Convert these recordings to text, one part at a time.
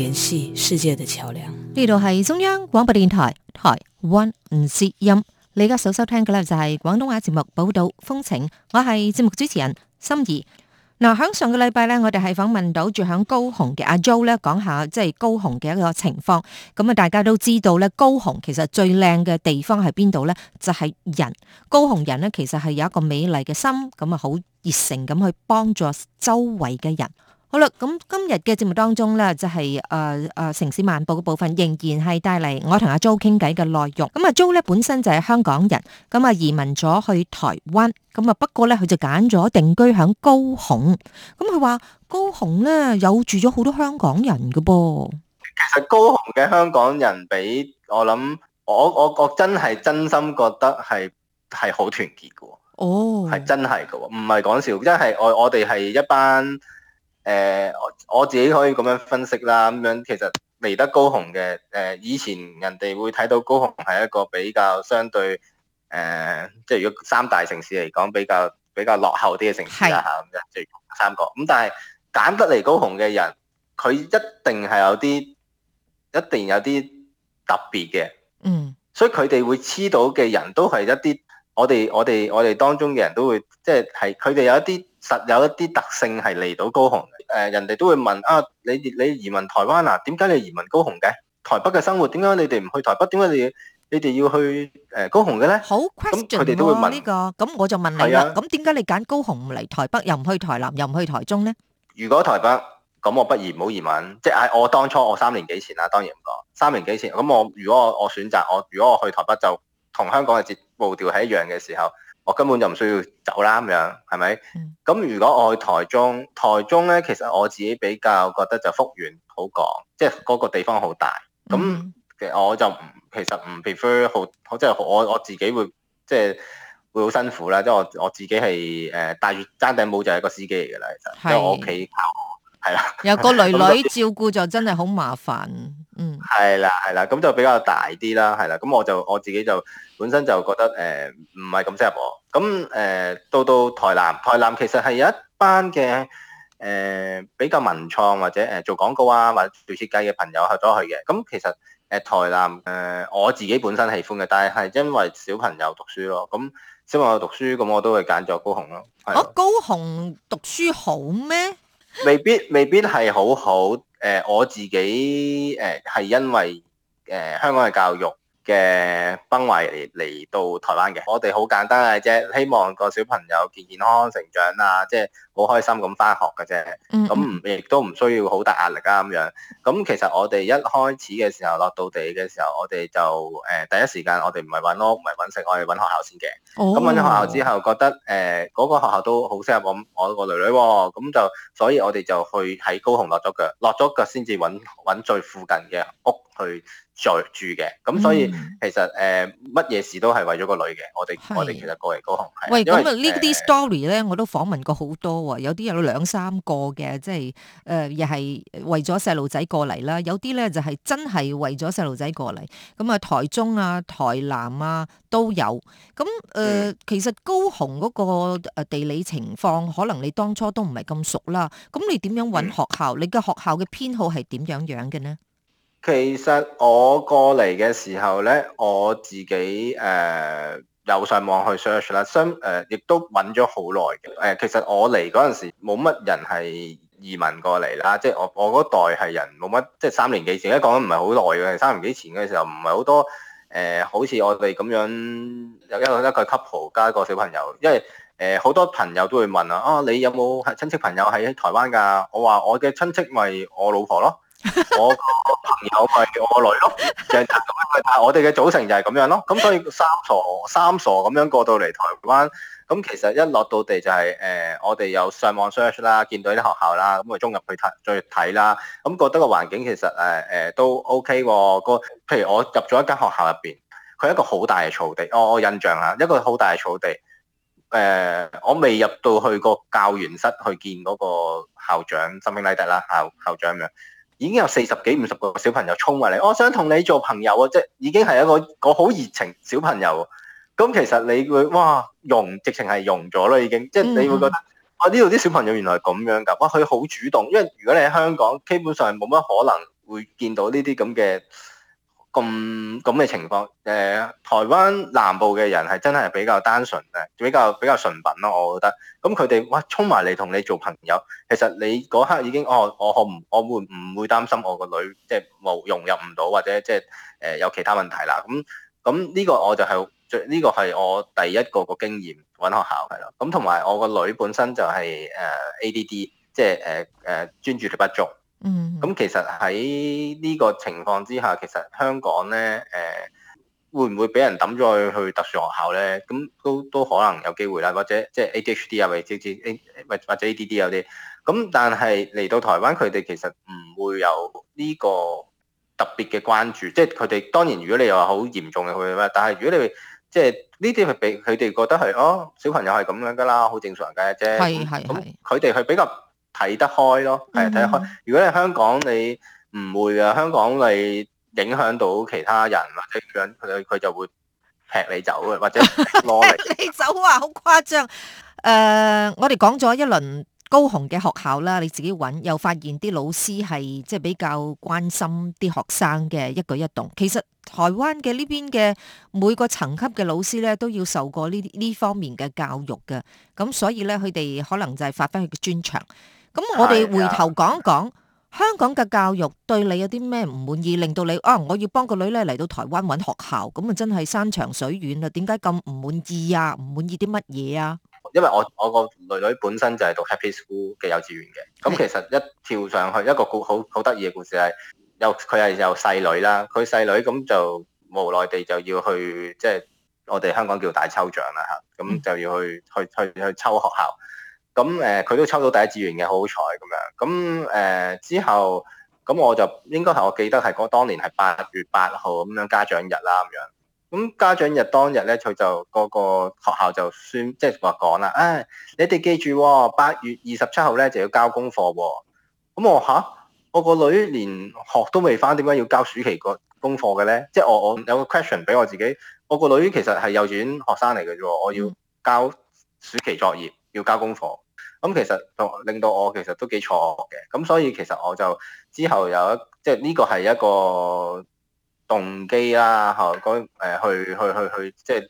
聯繫世界的橋梁。呢度係中央廣播電台台灣之音。你而家所收聽嘅咧就係廣東話節目報導《寶島風情》，我係節目主持人心儀。嗱，響上個禮拜呢，我哋係訪問到住響高雄嘅阿 Joe 咧，講下即係高雄嘅一個情況。咁啊，大家都知道咧，高雄其實最靚嘅地方係邊度呢？就係人。高雄人呢，其實係有一個美麗嘅心，咁啊，好熱誠咁去幫助周圍嘅人。好啦，咁今日嘅節目當中呢，就係誒誒城市漫步嘅部分，仍然係帶嚟我同阿 Jo 傾偈嘅內容。咁啊 Jo 咧本身就係香港人，咁、嗯、啊移民咗去台灣，咁、嗯、啊不過呢，佢就揀咗定居喺高雄。咁佢話高雄呢，有住咗好多香港人嘅噃。其實高雄嘅香港人比我諗，我我我，我真係真心覺得係係好團結嘅。哦，係真係嘅喎，唔係講笑，因為我我哋係一班。誒，我、呃、我自己可以咁樣分析啦，咁樣其實嚟得高雄嘅，誒、呃，以前人哋會睇到高雄係一個比較相對，誒、呃，即係如果三大城市嚟講比較比較落後啲嘅城市啦吓咁樣，即三個，咁但係揀得嚟高雄嘅人，佢一定係有啲，一定有啲特別嘅，嗯，所以佢哋會黐到嘅人都係一啲。我哋我哋我哋當中嘅人都會即係係佢哋有一啲實有一啲特性係嚟到高雄，誒、呃，人哋都會問啊，你你移民台灣啊？點解你移民高雄嘅？台北嘅生活，點解你哋唔去台北？點解你你哋要去誒高雄嘅咧？好 question 佢哋、啊、都會問呢、呢個。咁我就問你啦。咁點解你揀高雄唔嚟台北？又唔去台南？又唔去台中咧？如果台北咁，我不如唔好移民。即係我當初我三年幾前啦，當然唔講三年幾前。咁我如果我我選擇我，如果我去台北就。同香港嘅節步調係一樣嘅時候，我根本就唔需要走啦咁樣，係咪？咁、嗯、如果我去台中，台中咧，其實我自己比較覺得就幅員好講，即係嗰個地方好大。咁其、嗯、我就唔其實唔 prefer 好，即係我我自己會即係會好辛苦啦。即係我我自己係誒、呃、戴住撐頂帽就係一個司機嚟㗎啦，其實是因為我屋企係啦，有 個女女照顧就真係好麻煩，嗯。係啦係啦，咁就比較大啲啦，係啦。咁我就我自己就本身就覺得誒唔係咁適合我，咁誒、呃、到到台南，台南其實係有一班嘅誒、呃、比較文創或者誒、呃、做廣告啊或者做設計嘅朋友去咗去嘅，咁其實誒、呃、台南誒、呃、我自己本身喜歡嘅，但係係因為小朋友讀書咯，咁小朋友讀書咁我都會揀咗高雄咯。我、啊、高雄讀書好咩？未必未必係好好，誒、呃，我自己誒係、呃、因為誒、呃、香港嘅教育嘅崩壞嚟到台灣嘅，我哋好簡單嘅啫，希望個小朋友健健康康成長啊，即係好開心咁返學嘅啫。咁唔亦都唔需要好大壓力啊咁樣。咁其實我哋一開始嘅時候落到地嘅時候，我哋就誒、呃、第一時間我哋唔係揾屋，唔係揾食，我係揾學校先嘅。咁揾咗學校之後，覺得誒嗰、呃嗰個學校都好適合我我個女女喎、啊，咁就所以我哋就去喺高雄落咗腳，落咗腳先至揾最附近嘅屋。去着住嘅，咁所以、嗯、其實，誒乜嘢事都係為咗個女嘅。我哋是我哋其實過嚟高雄係。喂，咁啊為呢啲 story 咧，我都訪問過好多、哦、有啲有兩三個嘅，即係，誒、呃，又係為咗細路仔過嚟啦，有啲咧就係、是、真係為咗細路仔過嚟。咁、嗯、啊，台中啊、台南啊都有。咁、嗯、誒、嗯呃，其實高雄嗰個誒地理情況可能你當初都唔係咁熟啦。咁你點樣揾學校？嗯、你嘅學校嘅編號係點樣樣嘅呢？其實我過嚟嘅時候呢，我自己誒又上網去 search 啦，相誒亦都揾咗好耐嘅。誒其實我嚟嗰陣時冇乜人係移民過嚟啦，即係我我嗰代係人冇乜，即係三年幾前，而家講得唔係好耐嘅，三年幾前嘅時候，唔係好多誒，好似我哋咁樣有一一個 couple 加一個小朋友，因為誒好多朋友都會問啊，啊你有冇係親戚朋友喺台灣㗎？我話我嘅親戚咪我老婆咯。 我個朋友咪我女咯，就係咁樣，但係我哋嘅組成就係咁樣咯。咁所以三傻三傻咁樣過到嚟台灣，咁其實一落到地就係、是、誒、呃，我哋有上網 search 啦，見到啲學校啦，咁啊中入去睇再睇啦，咁覺得個環境其實誒誒、呃、都 OK 喎。那個譬如我入咗一間學校入邊，佢一個好大嘅草地。我、哦、我印象啊，一個好大嘅草地。誒、呃，我未入到去個教員室去見嗰個校長森興禮德啦，校校長咁樣。已經有四十幾五十個小朋友衝埋嚟，我、哦、想同你做朋友啊！即係已經係一個一個好熱情小朋友。咁其實你會哇融，直情係融咗啦已經。即係你會覺得，哇呢度啲小朋友原來係咁樣㗎，哇佢好主動。因為如果你喺香港，基本上冇乜可能會見到呢啲咁嘅。咁咁嘅情況，誒，台灣南部嘅人係真係比較單純嘅，比較比較純品咯，我覺得。咁佢哋，哇，衝埋嚟同你做朋友，其實你嗰刻已經，哦，我我唔，我會唔會擔心我個女即係冇融入唔到，或者即係誒有其他問題啦？咁咁呢個我就係，呢個係我第一個個經驗揾學校係咯。咁同埋我個女本身就係誒 ADD，即係誒誒專注力不足。嗯，咁其實喺呢個情況之下，其實香港咧，誒、呃，會唔會俾人抌咗去去特殊學校咧？咁都都可能有機會啦，或者即係、就是、A D H D 啊，或者 A，或或者 A D D 有啲，咁但係嚟到台灣，佢哋其實唔會有呢個特別嘅關注，即係佢哋當然如果你又話好嚴重嘅佢哋，但係如果你即係呢啲係俾佢哋覺得係哦，小朋友係咁樣㗎啦，好正常嘅啫，係係係，咁佢哋係比較。睇得開咯，係啊，睇得開。如果係香港，你唔會噶香港你影響到其他人或者點樣，佢佢就會劈你走啊，或者攞你走啊， 好誇張。誒、呃，我哋講咗一輪高雄嘅學校啦，你自己搵又發現啲老師係即係比較關心啲學生嘅一舉一動。其實台灣嘅呢邊嘅每個層級嘅老師咧都要受過呢呢方面嘅教育噶咁所以咧佢哋可能就係發揮佢嘅專長。咁我哋回頭講講的香港嘅教育對你有啲咩唔滿意，令到你啊，我要幫個女咧嚟到台灣揾學校，咁啊真係山長水遠啦。點解咁唔滿意啊？唔滿意啲乜嘢啊？因為我我個女女本身就係讀 Happy School 嘅幼稚園嘅，咁其實一跳上去一個故好好得意嘅故事係，有佢係有細女啦，佢細女咁就無奈地就要去，即係我哋香港叫大抽獎啦吓，咁就要去去去去抽學校。咁誒，佢都抽到第一志願嘅，好好彩咁樣。咁誒、呃、之後，咁我就應該係我記得係嗰當年係八月八號咁樣家長日啦咁樣。咁家長日當日咧，佢就嗰個學校就算，即係話講啦，唉、啊，你哋記住、哦，八月二十七號咧就要交功課喎、哦。咁我吓、啊，我個女連學都未翻，點解要交暑期個功課嘅咧？即係我我有個 question 俾我自己，我個女其實係幼稚園學生嚟嘅啫，我要交暑期作業。要交功課，咁其實令到我其實都幾錯嘅，咁所以其實我就之後有一，即係呢個係一個動機啦，嚇，咁誒去去去去，即係、就是、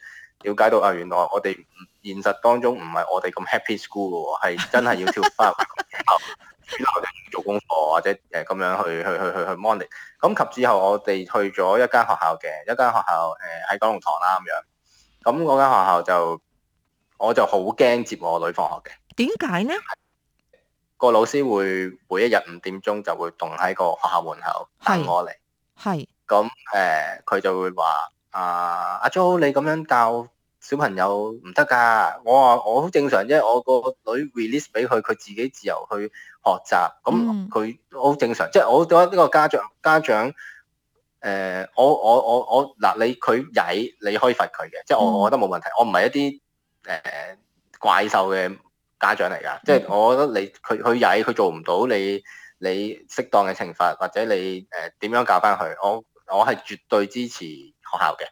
了解到啊，原來我哋現實當中唔係我哋咁 happy school 嘅喎，係真係要跳翻去 主樓做功課或者誒咁樣去去去去去 manage 咁，及之後我哋去咗一間學校嘅，一間學校誒喺九龍塘啦咁樣，咁嗰間學校就。我就好驚接我女放學嘅，點解呢？個老師會每一日五點鐘就會棟喺個學校門口等我嚟，係咁誒，佢、嗯呃、就會話：啊、呃、阿 Jo 你咁樣教小朋友唔得㗎。我話我好正常，因為我個女 release 俾佢，佢自己自由去學習，咁佢好正常。即係我覺得呢個家長家長誒、呃，我我我我嗱、呃，你佢曳，你可以罰佢嘅，即係我我覺得冇問題。我唔係一啲。誒，怪獸嘅家長嚟㗎，即係、嗯、我覺得你佢佢曳佢做唔到，你你適當嘅懲罰或者你誒點、呃、樣教返佢，我我係絕對支持學校嘅，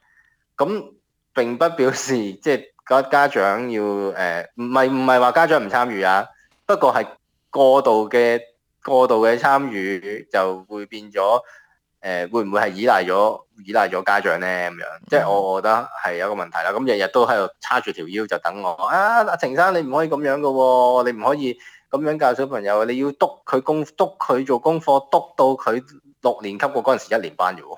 咁並不表示即係嗰家長要誒唔係唔係話家長唔參與啊，不過係過度嘅過度嘅參與就會變咗。誒，會唔會係依賴咗依賴咗家長咧？咁樣，即係我我覺得係有一個問題啦。咁日日都喺度叉住條腰就等我啊！阿程生，你唔可以咁樣噶、哦，你唔可以咁樣教小朋友。你要督佢功，督佢做功課，督到佢六年級嗰嗰陣時一年班啫、哦。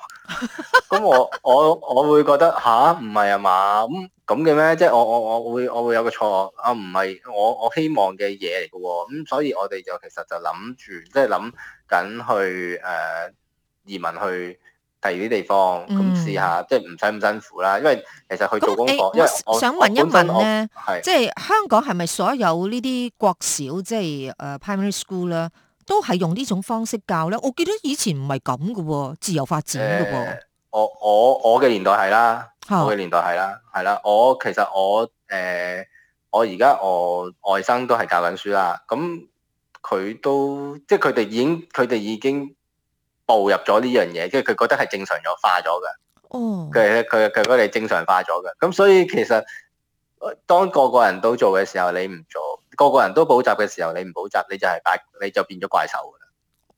咁、 嗯、我我我會覺得吓，唔係啊嘛？咁咁嘅咩？即係我我我會我會有個錯啊？唔係我我希望嘅嘢嚟噶？咁、嗯、所以我哋就其實就諗住，即係諗緊去誒。呃移民去第二啲地方咁試下，嗯、即係唔使咁辛苦啦。因為其實去做工，因為、欸、我想問一問咧，即係是香港係咪所有呢啲國小，即係誒、uh, primary school 啦，都係用呢種方式教咧？我記得以前唔係咁嘅喎，自由發展嘅噃、欸。我我我嘅年代係啦，、哦、啦，啦，我嘅年代係啦，係啦。我其實我誒、欸，我而家我外甥都係教緊書啦，咁佢都即係佢哋已經，佢哋已經。步入咗呢樣嘢，即係佢覺得係正常咗、化咗嘅。哦，佢佢佢覺得你正常化咗嘅。咁、oh. 所以其實當個個人都做嘅時候，你唔做，個個人都補習嘅時候，你唔補習，你就係、是、怪，你就變咗怪獸噶啦。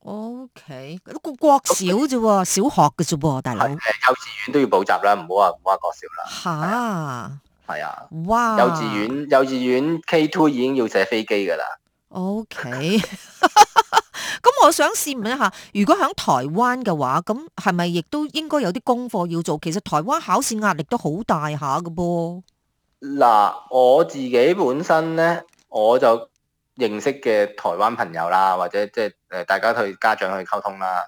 O K，國國小啫、啊，Okay. 小學嘅啫、啊，大佬。幼稚園都要補習啦，唔好話唔好話國小啦。吓，係 Ha? 啊。哇幼！幼稚園幼稚園 K two 已經要寫飛機噶啦。O K。我想試問一下，如果喺台灣嘅話，咁係咪亦都應該有啲功課要做？其實台灣考試壓力都好大下㗎噃。嗱，我自己本身呢，我就認識嘅台灣朋友啦，或者即係大家去家長去溝通啦，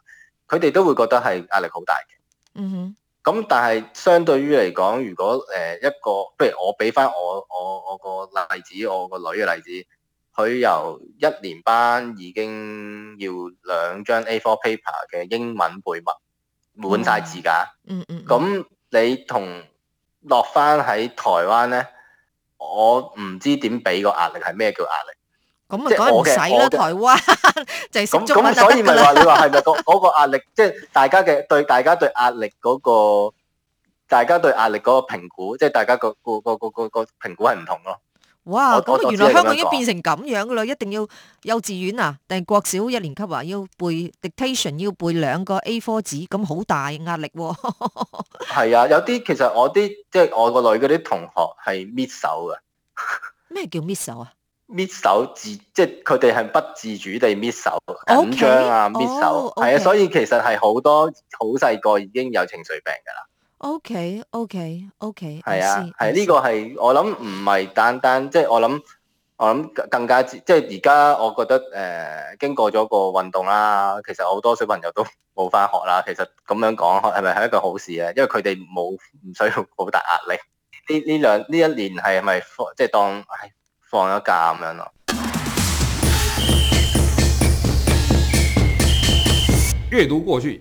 佢哋都會覺得係壓力好大嘅。嗯哼、mm。咁、hmm. 但係相對於嚟講，如果誒一個，不如我俾翻我我我個例子，我個女嘅例子。佢由一年班已經要兩張 A4 paper 嘅英文背默滿晒字㗎。嗯嗯。咁你同落翻喺台灣咧，我唔知點俾個壓力係咩叫壓力。咁啊，使咗台灣就係咁咁，所以咪話你話係咪嗰嗰個壓力？即係大家嘅對大家對壓力嗰個，大家對壓力嗰個評估，即係大家個個個個個評估係唔同咯。哇！咁原來香港已經變成咁樣噶啦，一定要幼稚園啊，定國小一年級啊，要背 dictation，要背兩個 A4 紙，咁好大壓力喎、啊。係 啊，有啲其實我啲即係我個女嗰啲同學係搣手嘅。咩 叫搣手啊？搣手自即係佢哋係不自主地搣手，緊張啊，搣 Okay, 手係、哦、啊，okay. 所以其實係好多好細個已經有情緒病㗎啦。O K O K O K，係啊，係呢、okay, okay, okay, 這個係我諗唔係單單即係我諗，我諗更加即係而家我覺得誒、呃，經過咗個運動啦，其實好多小朋友都冇翻學啦。其實咁樣講係咪係一個好事啊？因為佢哋冇唔需要好大壓力。呢呢兩呢一年係咪即係當、哎、放放咗假咁樣咯、啊？閱讀過去。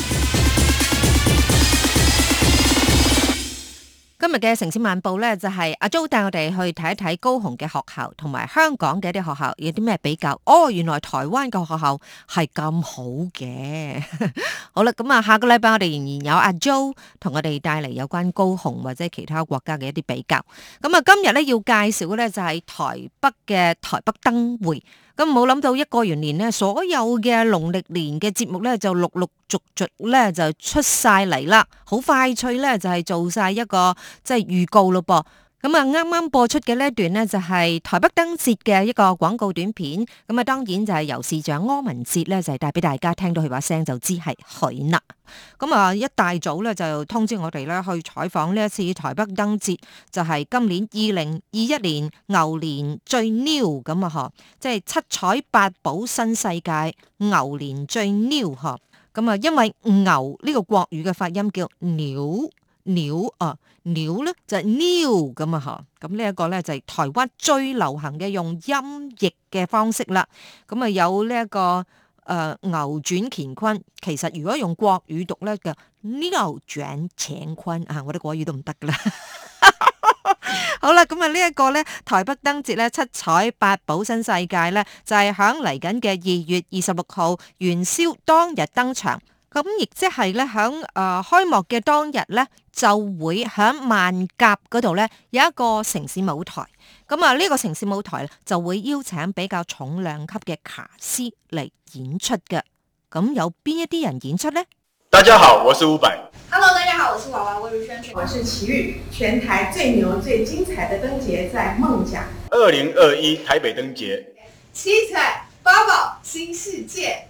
今日嘅城市漫步咧，就係、是、阿 Joe 帶我哋去睇一睇高雄嘅學校，同埋香港嘅一啲學校有啲咩比較。哦，原來台灣嘅學校係咁好嘅。 好啦，咁、嗯、啊，下個禮拜我哋仍然有阿 Joe 同我哋帶嚟有關高雄或者其他國家嘅一啲比較。咁、嗯、啊、嗯，今日咧要介紹嘅咧就係、是、台北嘅台北燈會。咁冇諗到一過完年咧，所有嘅農曆年嘅節目咧就陸陸續續咧就出晒嚟啦，好快脆咧就係做晒一個即係預告咯噃。咁啊，啱啱播出嘅呢一段呢，就係台北燈節嘅一個廣告短片。咁啊，當然就係由市長柯文哲呢，就係帶俾大家聽到佢把聲就知係佢啦。咁啊，一大早呢，就通知我哋呢，去採訪呢一次台北燈節，就係今年二零二一年牛年最 new 咁啊！嗬，即係七彩八寶新世界牛年最 new 嗬。咁啊，因為牛呢，這個國語嘅發音叫 new。鳥啊鳥咧就係 new 咁啊吓，咁呢一個咧就係台灣最流行嘅用音譯嘅方式啦咁啊有呢一個誒牛、呃、轉乾坤，其實如果用國語讀咧叫 new 轉乾坤啊，我啲國語都唔得啦。好啦咁啊呢一個咧台北燈節咧七彩八寶新世界咧就係響嚟緊嘅二月二十六號元宵當日登場。.咁亦即係咧，喺誒開幕嘅當日咧，就會喺艋舺嗰度咧有一個城市舞台。咁啊，呢個城市舞台就會邀請比較重量級嘅卡司嚟演出嘅。咁有邊一啲人演出呢？大家好，我是伍佰。Hello，大家好，我是娃娃魏如萱，我是齊豫。全台最牛最精彩的燈節在艋舺。二零二一台北燈節，七彩八寶新世界。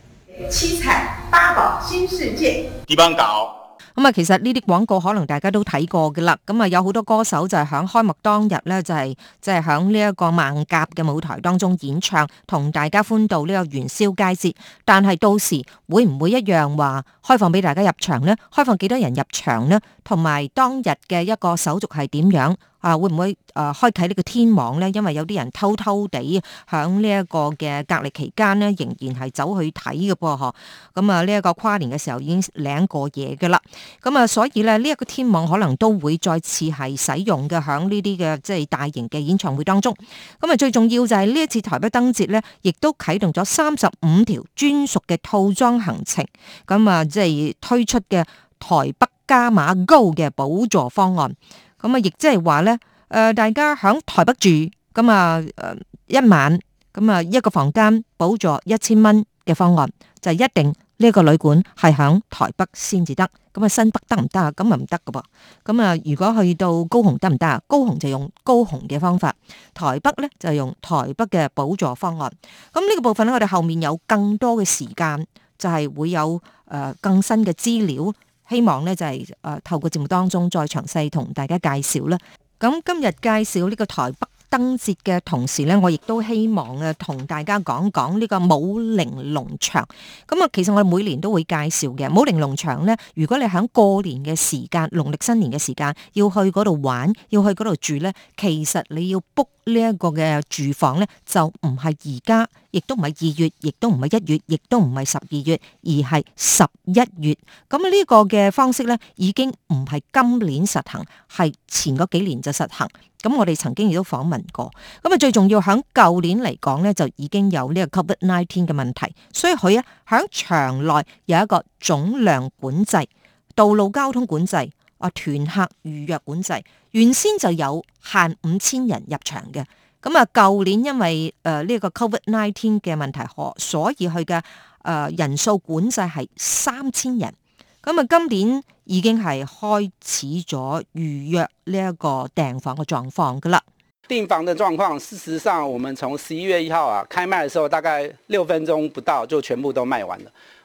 七彩八寶新世界點樣搞？咁啊，其實呢啲廣告可能大家都睇過㗎喇。咁啊，有好多歌手就係響開幕當日呢，就係即係響呢一個艋舺嘅舞台當中演唱，同大家歡度呢個元宵佳節。但係到時會唔會一樣話開放俾大家入場呢？開放幾多人入場呢？同埋當日嘅一個手續係點樣？啊，會唔會啊開啓呢個天網呢？因為有啲人偷偷地喺呢一個嘅隔離期間呢，仍然係走去睇嘅噃，嗬。咁啊，呢一個跨年嘅時候已經領過嘢㗎啦。咁啊，所以咧呢一個天網可能都會再次係使用嘅，喺呢啲嘅即係大型嘅演唱會當中。咁啊，最重要就係呢一次台北燈節呢，亦都啟動咗三十五條專屬嘅套裝行程。咁啊，即係推出嘅台北加碼高嘅補助方案。咁啊，亦即係話呢，誒、呃，大家響台北住，咁啊，誒，一晚，咁、呃、啊，一個房間補助一千蚊嘅方案，就一定呢一個旅館係響台北先至得，咁、嗯、啊，新北得唔得啊？咁啊唔得噶噃，咁、嗯、啊、呃，如果去到高雄得唔得啊？高雄就用高雄嘅方法，台北呢就用台北嘅補助方案。咁、嗯、呢、這個部分呢，我哋後面有更多嘅時間，就係、是、會有誒、呃、更新嘅資料。希望咧就係、是、誒、呃、透過節目當中再詳細同大家介紹啦。咁今日介紹呢個台北燈節嘅同時咧，我亦都希望啊同大家講講呢個武陵農場。咁啊，其實我每年都會介紹嘅武陵農場咧。如果你喺過年嘅時間、農曆新年嘅時間要去嗰度玩、要去嗰度住咧，其實你要 book。呢一個嘅住房咧，就唔係而家，亦都唔係二月，亦都唔係一月，亦都唔係十二月，而係十一月。咁呢個嘅方式咧，已經唔係今年實行，係前嗰幾年就實行。咁我哋曾經亦都訪問過。咁啊，最重要響舊年嚟講咧，就已經有呢個 COVID nineteen 嘅問題，所以佢啊響場內有一個總量管制，道路交通管制。啊！團客預約管制原先就有限五千人入場嘅，咁啊舊年因為誒呢一個 COVID-19 嘅問題，何所以佢嘅誒人數管制係三千人，咁、嗯、啊今年已經係開始咗預約呢一個訂房嘅狀況㗎喇。訂房嘅狀況，事實上，我們從十一月一號啊開賣嘅時候，大概六分鐘不到就全部都賣完了。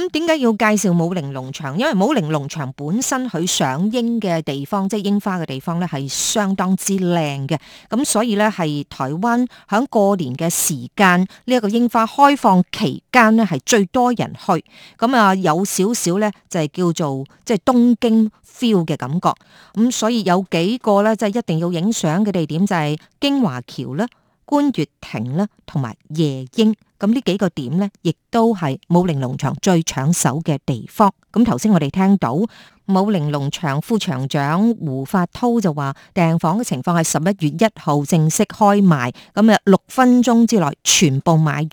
咁點解要介紹武陵農場？因為武陵農場本身佢上櫻嘅地方，即係櫻花嘅地方咧，係相當之靚嘅。咁所以咧，係台灣響過年嘅時間，呢一個櫻花開放期間咧，係最多人去。咁啊，有少少咧就係叫做即係東京 feel 嘅感覺。咁所以有幾個咧，即係一定要影相嘅地點就係京華橋咧、觀月亭咧、同埋夜櫻。咁呢幾個點呢，亦都係武陵農場最搶手嘅地方。咁頭先我哋聽到武陵農場副場長胡發濤就話訂房嘅情況係十一月一號正式開賣，咁啊六分鐘之內全部買完。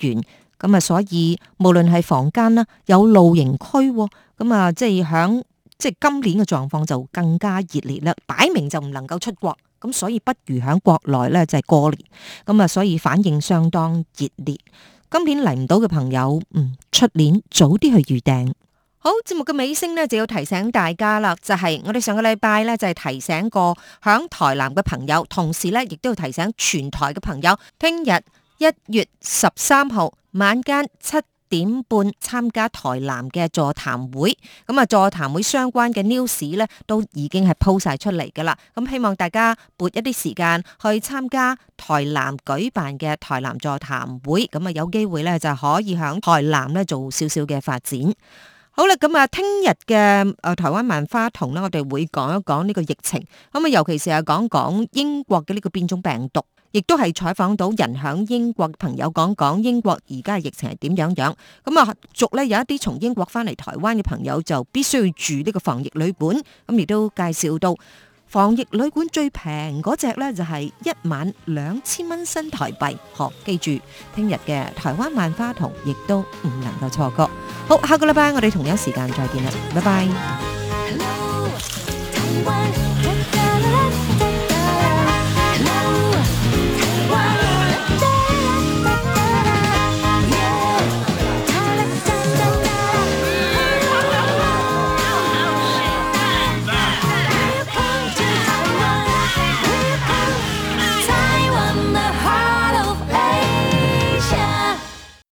咁啊，所以無論係房間啦，有露營區，咁啊，即係響即係今年嘅狀況就更加熱烈啦。擺明就唔能夠出國，咁所以不如響國內呢就係過年。咁啊，所以反應相當熱烈。今年嚟唔到嘅朋友，嗯，出年早啲去預訂。好，節目嘅尾聲呢就要提醒大家啦，就係我哋上個禮拜呢，就係提醒過響台南嘅朋友，同時呢亦都要提醒全台嘅朋友，聽日一月十三號晚間七點半參加台南嘅座談會，咁啊座談會相關嘅 news 呢都已經係 po 晒出嚟噶啦，咁希望大家撥一啲時間去參加台南舉辦嘅台南座談會，咁啊有機會呢就可以響台南呢做少少嘅發展。好啦，咁啊聽日嘅誒台灣萬花筒呢，我哋會講一講呢個疫情，咁啊尤其是係講講英國嘅呢個變種病毒。亦都係採訪到人響英國朋友講講英國而家嘅疫情係點樣樣，咁啊續咧有一啲從英國翻嚟台灣嘅朋友就必須要住呢個防疫旅館，咁亦都介紹到防疫旅館最平嗰隻呢，就係、是、一晚兩千蚊新台幣。記住，聽日嘅台灣萬花筒亦都唔能夠錯過。好，下個禮拜我哋同樣時間再見啦，拜拜。Hello,